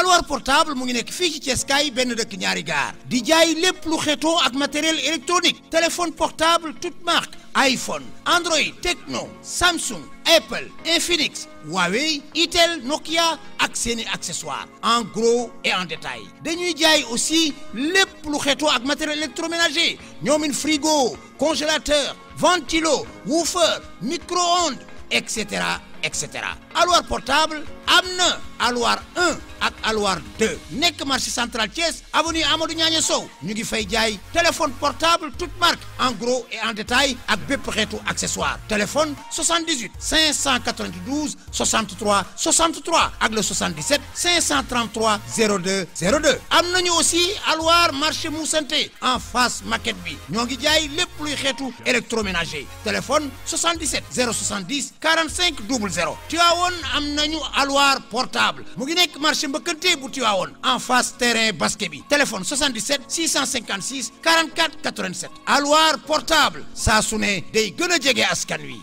alors portable mu ngi nek fi ci Thiès kaay ben nous ñaari di jaay lu matériel électronique téléphone portable toute marque iPhone Android Techno, Samsung Apple Infinix Huawei Itel Nokia ak accessoires en gros et en détail dañuy jaay aussi lepp lu xetoo ak matériel électroménager frigo congélateur ventilo woofer micro-ondes etc etc Aloir portable amna Alouar 1 et Aloir 2 Nek marché central Thiès avenue Amadou Niagne Sow téléphone portable toute marque en gros et en détail avec des xeetu accessoire téléphone 78 592 63 63 et le 77 533 02 02 am aussi Aloir marché Moussanté en face maquette bi ñoo ngi jaay électroménager téléphone 77 070 45 double tu as am nañu portable mu ngi nek marché mbëkkante bu Tivaouane en face terrain basket téléphone 77 656 44 87 alwar portable ça suné day gëna a askan wi.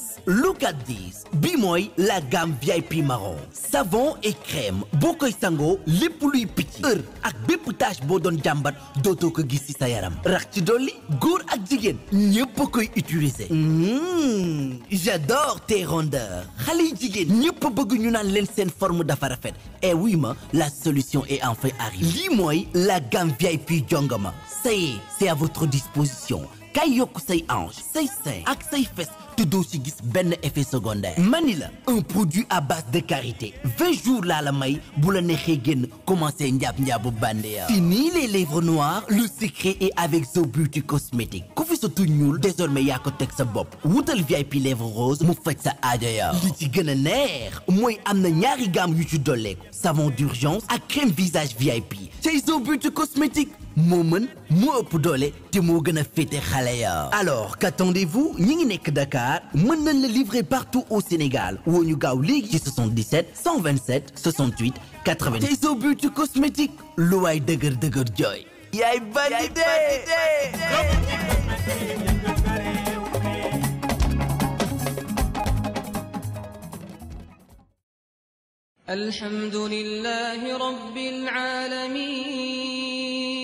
look at this Bimoy, la gamme VIP marron savon et crème bokoy sango sangoo piti. luy picc ak bépp tache boo d'auto jàmbat gissi ko ci sa yaram rax ci dolli góor ak jigéen ñépp koy utiliser mmh. j'adore tes rondeurs Khali N'y a pas bëgg ñu naan forme d'affaire rafet et eh oui ma la solution est enfin arrivée lii la gamme VIP jongama ça y est c'est à votre disposition kay yokk say Ange, say sein ak say fesse te doo ben effet secondaire Manila, un produit à base de carité. 20 jours là la may bu la neexee génn commencé njaab fini les lèvres noires le secret est avec Zo Beauty cosmétique ku fi sa désormais yaa ko sa bopp VIP lèvres roses, mou fait sa aajo ya li ci gën a neex mooy youtube na ñaari savon d'urgence à crème visage VIP C'est Zo Beauty cosmétique moo moi moo ëpp doole te moo gën a ya alors qu'attendez-vous ñi ngi nekk Dakar mën nañ la livrer partout au Sénégal woo ñu gaaw 77 127 68 80 tey soo cosmétiques, cosmétique lu waay dëgër dëgër jooy yaay bandi de alhamdulillahi rabbil alamin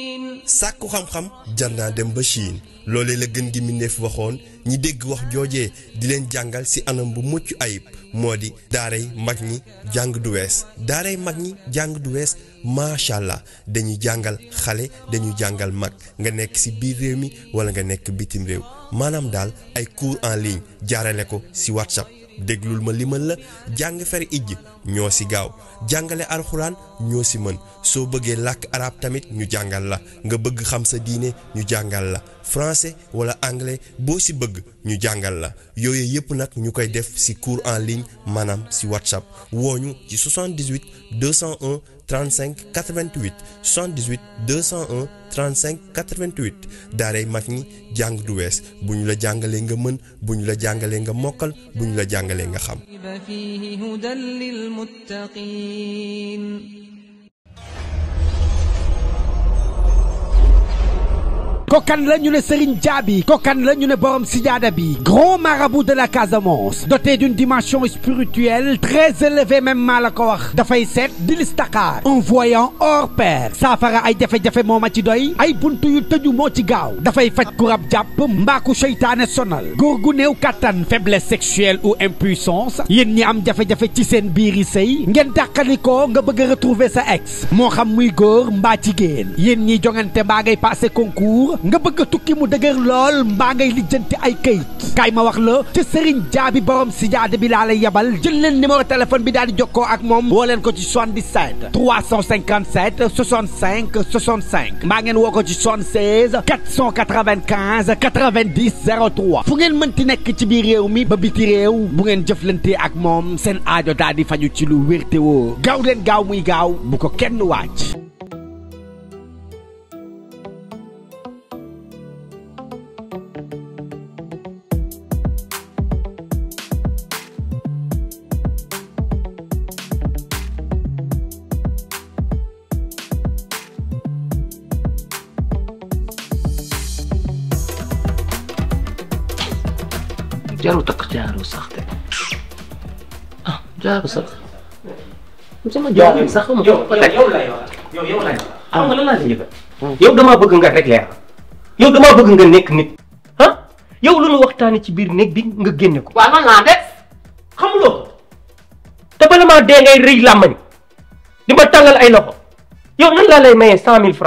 sàkku xam-xam jar naa dem ba Chine loolee la gën gi mbindéef waxoon ñi dégg wax joojee di leen jàngal ci anam bu mucc ayib moo di daaray mag ñi jàng du wees daaray mag ñi jàng du wees macha allah dañuy jàngal xale dañuy jàngal mag nga nekk ci biir réew mi walla nga nekk bitim réew maanaam daal ay cours en ligne jaarale ko ci WhatsApp déglul ma limal la jàng fer ijj ñoo si gaaw jàngale alxuraan ñoo si mën soo bëggee làkk arab tamit ñu jàngal la nga bëgg xam sa diine ñu jàngal la français wala anglais boo si bëgg ñu jàngal la yooyu yëpp nag ñu koy def si cours en ligne maanaam si whatsapp wooñu ci 78 201 35 88 78 201 35 88 daaray mag ñi jàng du wees bu ñu la jàngalee nga mën bu ñu la jàngalee nga mokkal bu ñu la jàngalee nga xam. kokan la ñu né Serigne djabi, kokan la ñu né borom bi grand marabout de la Casamance doté d'une dimension spirituelle très élevée même maa la ko wax dafay un voyant hors pair Safara ay jafé jafé moma ci doy ay buntu yu tëju mo ci gaaw dafay faj ku rab jàpp mbaa ku sonal faiblesse sexuelle ou impuissance yeen ñi am jafe Tisenbiri ci sen biiri sey ngeen nga bëgg retrouver sa ex mo xam muy mba ci geen yeen ñi jongante ngay concours nga bëgg a tukki mu dëgër lool mbaa ngay lijjanti ay kayit kaay ma wax la ci Serigne Jaabi borom si jaade bi laa lay yebal jël leen numéro téléphone bi daal di jokkoo ak moom woo leen ko ci 77 357 65 65 mbaa ngeen woo ko ci 76 495 90 03 fu ngeen mënti nekk ci biir réew mi ba biti réew bu ngeen jëflante ak moom seen aajo daal di faju ci lu wér te woo gaaw leen gaaw muy gaaw bu ko kenn waaj. jarul takk jaaroo sax de ah jaaroo sax sama jaaroo sax ma ko nga lan laa la yow damaa bëgg nga rek leer yow damaa bëgg nga nekk nit ah yow lu nu waxtaanee ci biir néeg bi nga génne ko. waaw ma laa def xamuloo te bala maa dee ngay rëy làmmañ di ma tàngal ay loxo yow nan laa lay maye cent mille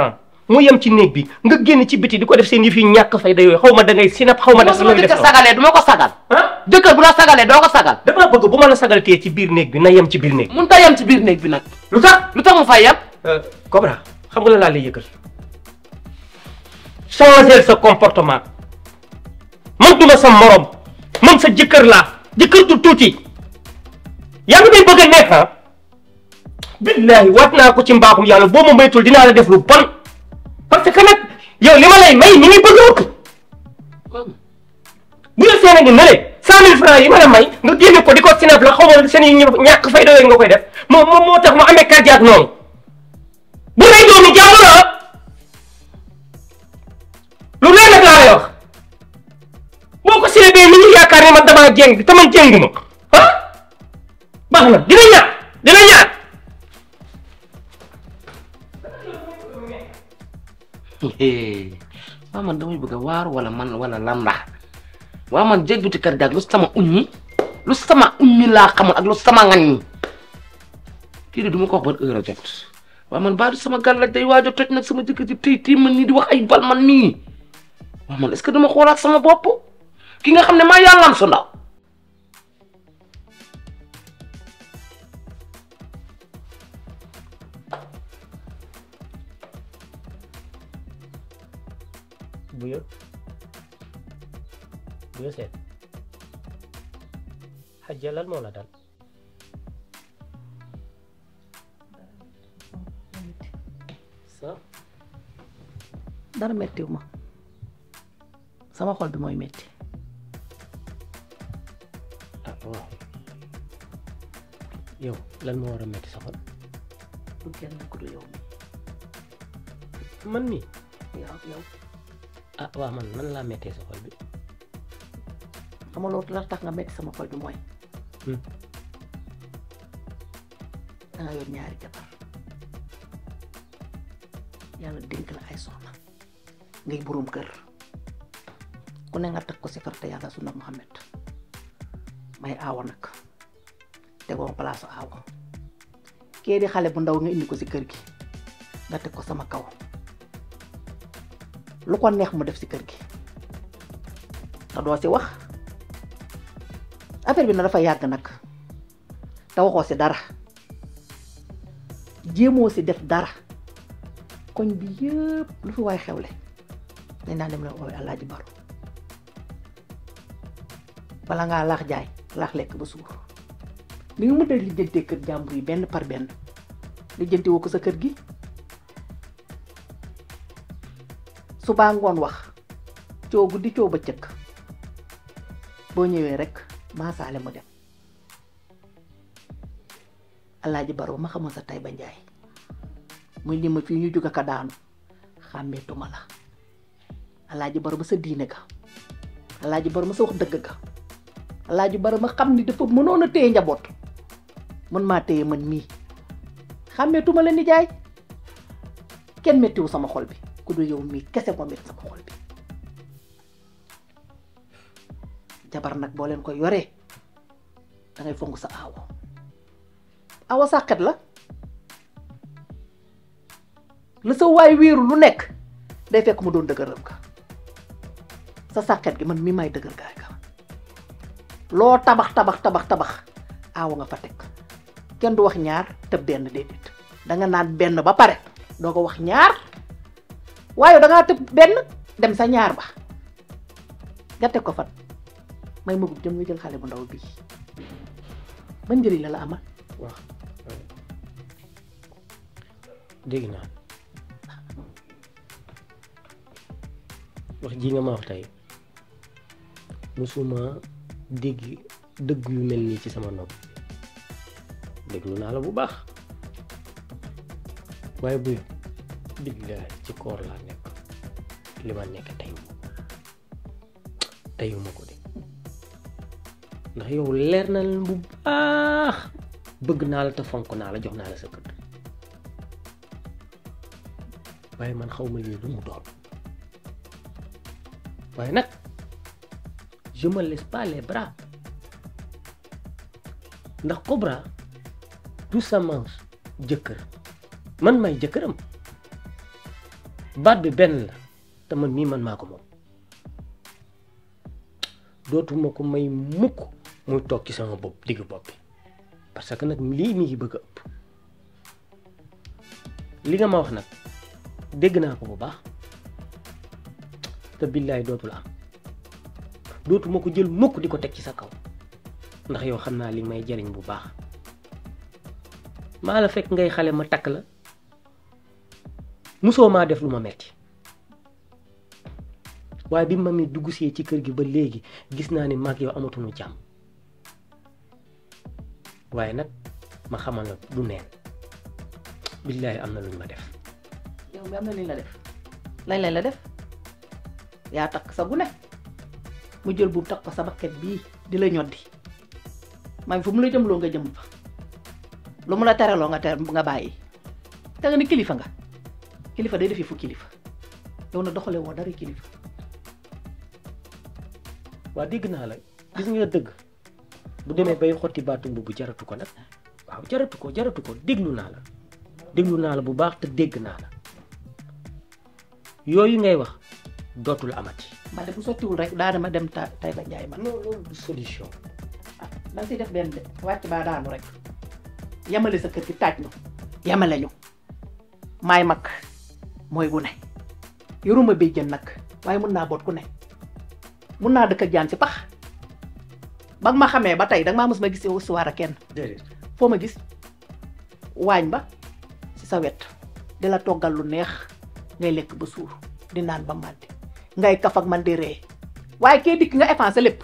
mu yam ci neeg bi nga genn ci biti diko def seen yëf yi ñak fay day xawma da ngay sinap xawma da sama def sagalé duma ko sagal ah deukal bu la sagalé do ko sagal dama bëgg bu ma la sagal té ci biir neeg bi na yam ci biir neeg mu ta yam ci biir neeg bi nak lutax lutax mu fay yem euh, Cobra xam nga la lay yëkkal changer sa comportement man duma sa morom man sa jëkkeur la jëkkeur du tuti ya nga bëgg neex ha billahi wat ko ci mbaxum yalla bo mo maytul dina la def lu bon parce que nag yow li ma lay may ñu ngi bëgg a bu la seen a ngi nële cent mille francs may nga génne ko di ko sinab la xaw ma seen ñàkk fay doyoo nga koy def moo tax mu amee cardiaque noonu bu lay doomu jàmbur lu leer nag laa lay wax boo ko seebee ni ñu yaakaar ne man damaa jéng te ma ah baax na soit man damay bëgg a waaru wala man wala lam la waaw man jéggiti kër gaag lu sama uññi lu sama uññi laa xamoon ak lu sama ngaññi kii di du ma ko wax ban heure a jot waaw man baa sama gàllaj day waaj a toj nag sama jëkkër ji tey tey man nii di wax ay bal man mii waaw man est-ce que dama xoolaat sama ki nga xam ne maa yàllaam su ndaw buyur buyur seet xajja lan moo la dal sa dara mettiw ma sama xol bi mooy metti ah waaw moo war a metti sa man mi ah waaw man man laa méttee sa xol bi xam nga la tax nga métti sama xol bi mooy hmm. da nga yor ñaari jabar yàlla dénk la ay soxna ngay boroom kër ku ne nga takk ko si kër sunna Muhammad may aawa nag tegoo palaasu aawa kee di xale bu ndaw nga indi ko si kër gi nga teg ko sama kaw lu ko neex mu def ci kër gi ta do ci wax affaire bi na dafa yag nak ta waxo ci dara jemo ci def dara koñ bi yeb lu fi way xewle dañ na dem la Allah di Baro bala ngaa laax jaay laax lekk ba suur li nga mën li jeete kër jambu yi ben par benn lijjanti woo ko sa kër gi subaa ngoon wax coo guddi coo bëccëg boo ñëwee rek maasaale mu dem alaaji baro ma xamoon sa tay ba njaay muy ni ma fii ñu jóg aka daanu xàmmeetuma la alaaji baro ba sa diine ga alaaji baro ma sa wax dëgg ga alaaji baro ma xam ni dafa mënoon a téye njaboot mën maa téye man mii xàmmeetuma la nijaay kenn mettiwu sama xol bi kudu du yow mi kesse sama xol bi jabar nak bo len ko yoré da ngay fongu sa awo awo sakat la le so way wiru lu nek day fek mu don dëgëram ka sa saket gi man mi may dëgër gaay ka lo tabax tabax tabax tabax awo nga fa tek kenn du wax ñaar te ben dedet da nga naan ben ba pare ko wax ñaar waaye da nga tepp ben dem sa ñaar ba nga teg ko fat may mugu dem ñu jël xalé bu ndaw bi ban jëri la la amal. wax degna wax ji nga ma wax tay musuma deg deug yu melni ci sama nopp déglu na la bu baax waaye buy digga ci koor laa nekk li ma nekk teyuma teyuma ko de ndax yow leer na leen bu baax bëgg naa la te fonk naa la jox naa la sa kër waaye man xaw ma lii lu mu doon waaye nag je me laisse pas les bras ndax Cobra du sama jëkkër man may jëkkëram baat bi benn la te man mii man maa ko moom dootuma ko may mukk muy toog ci sama bopp digg bopp bi parce que nag lii mi ngi bëgg a ëpp li nga ma wax nag dégg naa ko bu baax te billaay dootul am dootuma ko jël mukk di ko teg ci sa kaw ndax yow xam naa li may jariñ bu baax maa la fekk ngay xale ma takk la musoo maa def lu ma metti waaye bi ma mi dugg ci kër gi ba léegi gis naa ne mag yow amatuñu jàmm waaye nag ma xamal la du neen billahi am na luñ ma def yow mi am na luñ la def lañ lañ la def yaa takk sa gune mu jël buubu takk ko sa bakket bii di la ñoddi man fu mu la jëmloo nga jëm fa lu mu la tereloo nga ter nga bàyyi te nga ni kilifa nga kilifa day def yëfu kilifa yow na doxale woo dara kilifa waa dégg naa la gis nga dëgg bu demee bay xotti baatu mbubb jaratu ko nag waaw jaratu ko jaratu ko déglu naa la déglu naa la bu baax te dégg naa la yooyu ngay wax dootul amati. man de bu sottiwul rek daana ma dem ta tay la njaay man non loolu du solution. ah da siy def benn de wàcc baa daanu rek yamale sa kër gi taaj ñu yamale ñu maay mag. moy gu ne yoruma béy jën nak waaye mën na bot ku ne mën na dekk ak jaan ci pax ba ma xamé ba tay dag ma mos ma gis ci suwaara kenn fo ma gis wañ ba ci sa wette di la togal lu neex ngay lek ba sour di naan ba màndi ngay kaf ak man di re waaye ke dik nga effacé lepp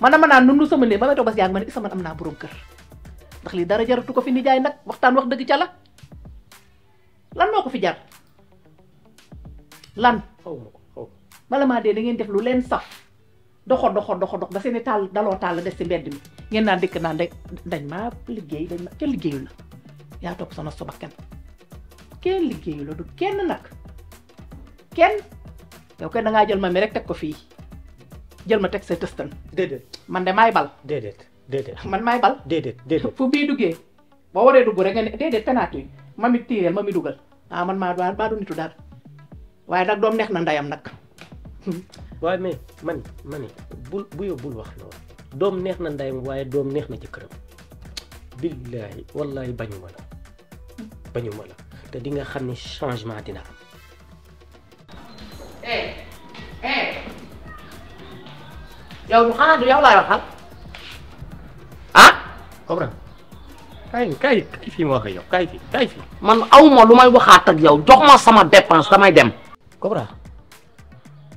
man dama nundu sama ne ba may toog ba si man am naa borom kër ndax li dara jaratu ko fi nak waxtan wax deug ci la lan moko fi lan bala ma de da ngeen def lu len sax doxo doxo doxo dox ba seeni taal daloo tal def ci mbedd mi ngeen naan dëkk naan dañ ma liggey dañ ma kenn liggey la ya top sama nos bakkan kenn la du kenn nak kenn yow kenn da nga jël ma mi rek tek ko fi jël ma tek sa testan dedet man de may bal dedet dedet man may bal dedet dedet fu bi duggé bo waré duggu rek ngeen dedet ma dugal ah man maa ba du nitu dal waaye nag doom neex na ndeyam nag. waaye mais man man bul bu yow bul wax loolu doom neex na ndeyam waaye doom neex na ci këram. billaahi wallaahi bañu ma la bañu ma la te di nga xam ne changement dina am. eh eh yow du xanaa du yow laay waxal ah. comprendre kay kay kay fii ma wax ak yow kay fii kay fii. man awma lu may waxaat ak yow jox ma sama dépense damay dem. Cobra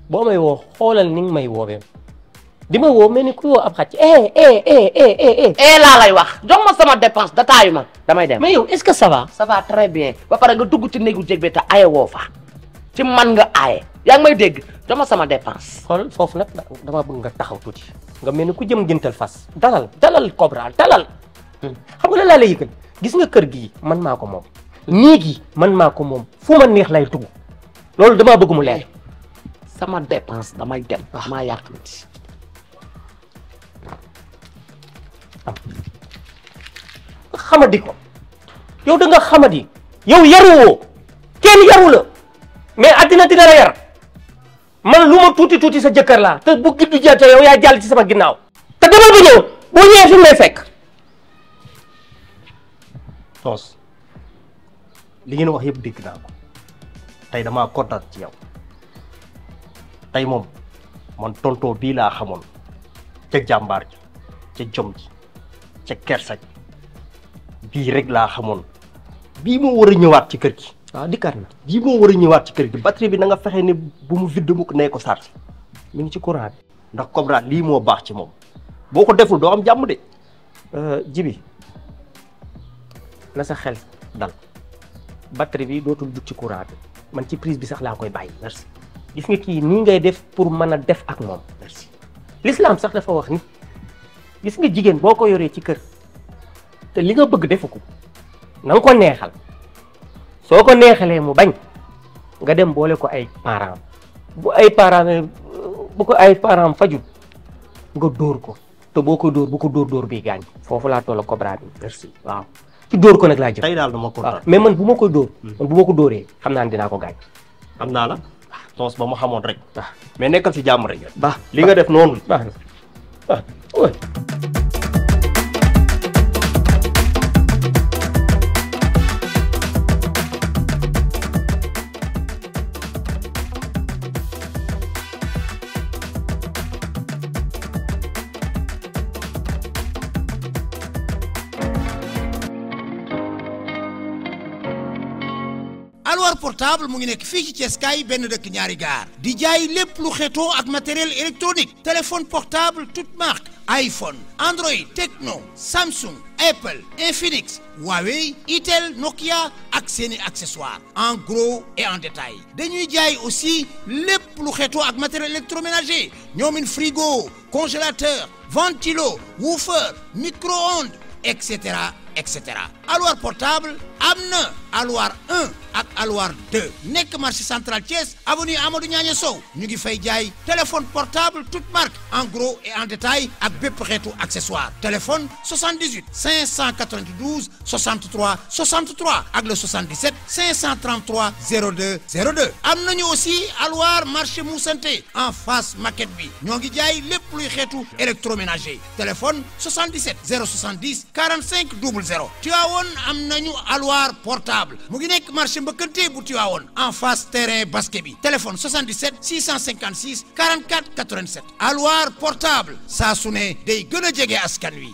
boo may woo xoolal ni nga may woowee di ma woo mel ni ku woo ab xaj eh eh eh laa lay wax jox ma sama dépense dataayu ma damay dem. mais yow est-ce que ça va. bien ba pare nga dugg ci néegu jég bi te woo fa ci man nga aaye yaa ngi may dégg jox ma sama dépense. xool foofu nag dama bëgg nga taxaw tuuti nga mel ni ku jëm jëntal fas dalal dalal Cobra dalal. Hmm. xam nga la laa lay gis nga kër gi man maa ko moom néeg gi man maa ko moom fu ma neex lay dugg. lolou dama bëgg mu leer sama dépense damay dem damaa nit xamadi ko yow da nga xamadi yow yaruwoo kenn yaru la mais adina dina la yar man luma tuti tuti sa jëkkër la te bu giddu jate yow yaa jall ci sama ginnaaw te demal bu ñëw boo ñëwee fi may fekk tos li ngeen wax yëpp dégg naa ko tey damaa kontaan ci yow tey moom man tonto bii laa xamoon ca jàmbaar ji ca jom ji ca kersa ji bii rek laa xamoon bii moo war a ñëwaat ci kër gi. waaw ah, dikkaat na bii moo war a ñëwaat ci kër gi batterie bi nanga nga fexe ne bu mu vidde mu nee ko ci mu ngi ci courant bi. ndax Cobra lii moo baax ci moom boo ko deful doo am jàmm de. Euh, jibi na sa xel dal batterie bi dootul jug ci courant bi. man ci prise bi sax laa koy bàyyi merci gis nga kii nii ngay def pour mën a def ak moom merci l'islam sax dafa wax ni gis nga jigéen boo ko yoree ci kër te li nga bëgg defu ko na nga ko neexal soo ko neexalee mu bañ nga dem boole ko ay parents bu ay parents bu ko ay parents fajul nga dóor ko te boo ko dóor bu ko dóor dóor bi gaañ foofu laa toll Cobra bi merci waaw ci dóor ko nag laa jëm. tey daal dama kontaan mais man bu ma koy dóor. man bu ma ko dóoree xam naa ne dinaa ko gaañ. xam naa la toos ba ma xamoon rek. mais nekkal si jàmm rek. ba li nga def noonu. ba ah alors portable mu ngi nekk ci Thiès kaay benn ñaari gar di jaay lepp lu ak matériel électronique téléphone portable toute marque iPhone Android Techno, Samsung Apple Infinix Huawei Itel Nokia ak seeni accessoires en gros et en détail dañuy jaay aussi les lu xeetoo ak matériel électroménager une frigo congélateur ventilo woofer micro-ondes etc etc Aloir portable amna Alloire 1 ak Aloir 2 Nek marché central Thiès avenue Amadou Nous Sow téléphone portable toute marque en gros et en détail avec des xeetu accessoire téléphone 78 592 63 63 ak le 77 533 02 02 amen aussi Aloir marché Moussanté en face maquette bi ñoo jaay plus électroménager téléphone 77 070 45 double tu as un am portable mu ngi nekk marché mbëkkante bu en face terrain basket téléphone 77 656 44 87 Aloir portable Ça su ne day gën a jege askan wi.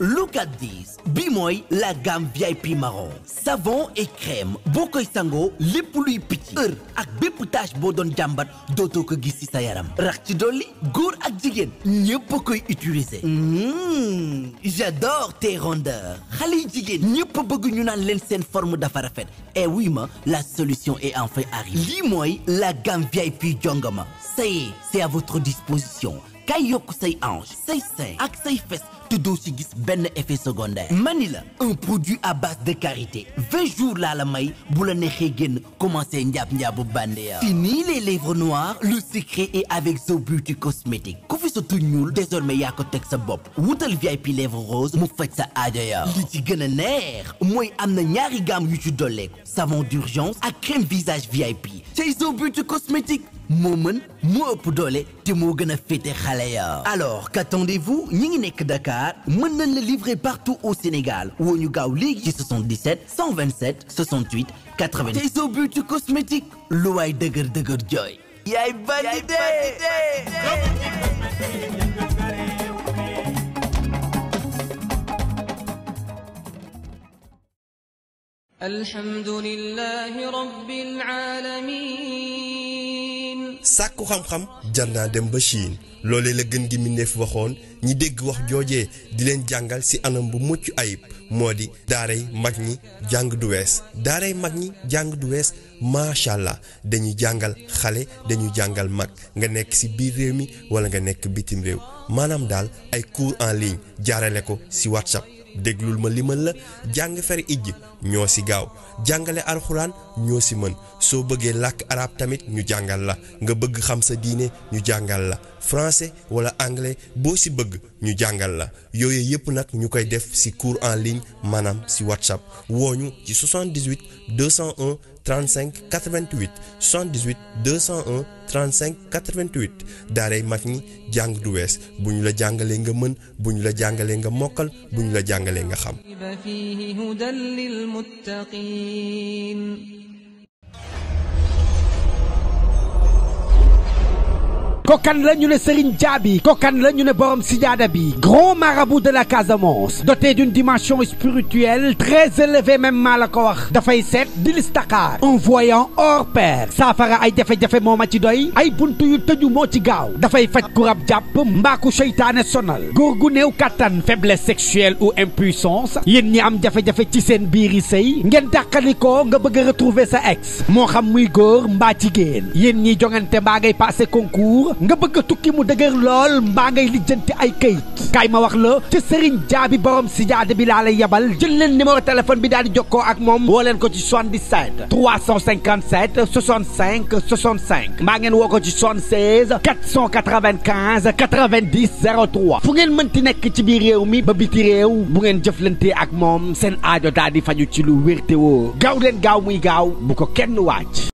look at this bimoy, la gamme VIP marron savon et crème Bokoy sango, sangoo lépp luy picc ak bépp tache boo doon jàmbat dootoo ko gis ci sa yaram rax ci dolli góor ak utiliser mmh. j'adore tes rondeurs xale jigen, jigéen ñépp bëgg ñu forme dafa et eh oui ma la solution est enfin arrivée lii la gamme VIP jongama ça y est c'est à votre disposition kay yokk say ange say sein ak say fes te doo ci gis benn effet secondaire manila un produit à base de carité. 20 jours laa la may bu la neexee génn commencé njaab-njaabu bandeya fini les lèvres noires le secret est avec Zo cosmétique ku fi sa tuñ ñuul désormais yaa ko teg sa bopp wutal VIP lèvres rose mu faj sa aajoya li ci gën a neex mooy am na ñaari gamme yu ci dolleeku savon d'urgence ak crème visage VIP chez Zo cosmétique moo mën moo ëpp doole te moo gën a alors qu'attendez-vous ñi ngi nekk Dakar mën nañ la livrer partout au Sénégal woo ñu gaaw léegi 77 127 68 80 tey soo beauty cosmétique lu waay dëgër Joy. Yay yaay bandi de الحمد sàkku xam-xam jar naa dem ba Chine loolee la gën gi mbindéef waxoon ñi dégg wax joojee di leen jàngal ci anam bu mucc ayib moo di daaray mag ñi jàng du wees daaray mag ñi jàng du wees macha allah dañuy jàngal xale dañuy jàngal mag nga nekk ci biir réew mi walla nga nekk bitim réew maanaam daal ay cours en ligne jaarale ko ci WhatsApp déglul ma limal la jàng fer ijj ñoo si gaaw jàngale alxuraan ñoo si mën soo bëggee làkk arab tamit ñu jàngal la nga bëgg xam sa diine ñu jàngal la français wala anglais boo si bëgg ñu jàngal la yooyu yëpp nag ñu koy def si cours en ligne maanaam si whatsapp wooñu ci 78 201 35 88 78 201 35 88 daaray mag ñi jàng du wees bu ñu la jàngalee nga mën bu ñu la jàngalee nga mokkal bu ñu la jàngalee nga xam. kokan la le ne Serigne djabi kokan la le borom sijaada bi grand marabout de la Casamance doté d'une dimension spirituelle très élevée même maa la ko wax dafay Envoyant di un voyant hors pair Safara ay jafé jafé moma ci doy ay buntu yu teju mo ci gaaw da fay fajj kurab jàpp mbaku seytaane sonal faiblesse sexuelle ou impuissance yeen ñi am jafé jafé ci sen biir sey ngeen nga bëgg retrouver sa ex mo xam muy góor mbaa jigéen yeen ñi jongante ngay concours nga bëgg a tukki mu dëgër lool mbaa ngay lijjanti ay kayit kaay ma wax la te Serigne Jaabi borom si jaade bi laa lay yebal jël leen numéro téléphone bi daal di jokkoo ak moom woo leen ko ci 77 357 65 65 mbaa ngeen woo ko ci 76 495 90 03 fu ngeen mënti nekk ci biir réew mi ba biti réew bu ngeen jëflante ak moom seen aajo daal di faju ci lu wér te gaaw leen gaaw muy gaaw bu ko kenn waaj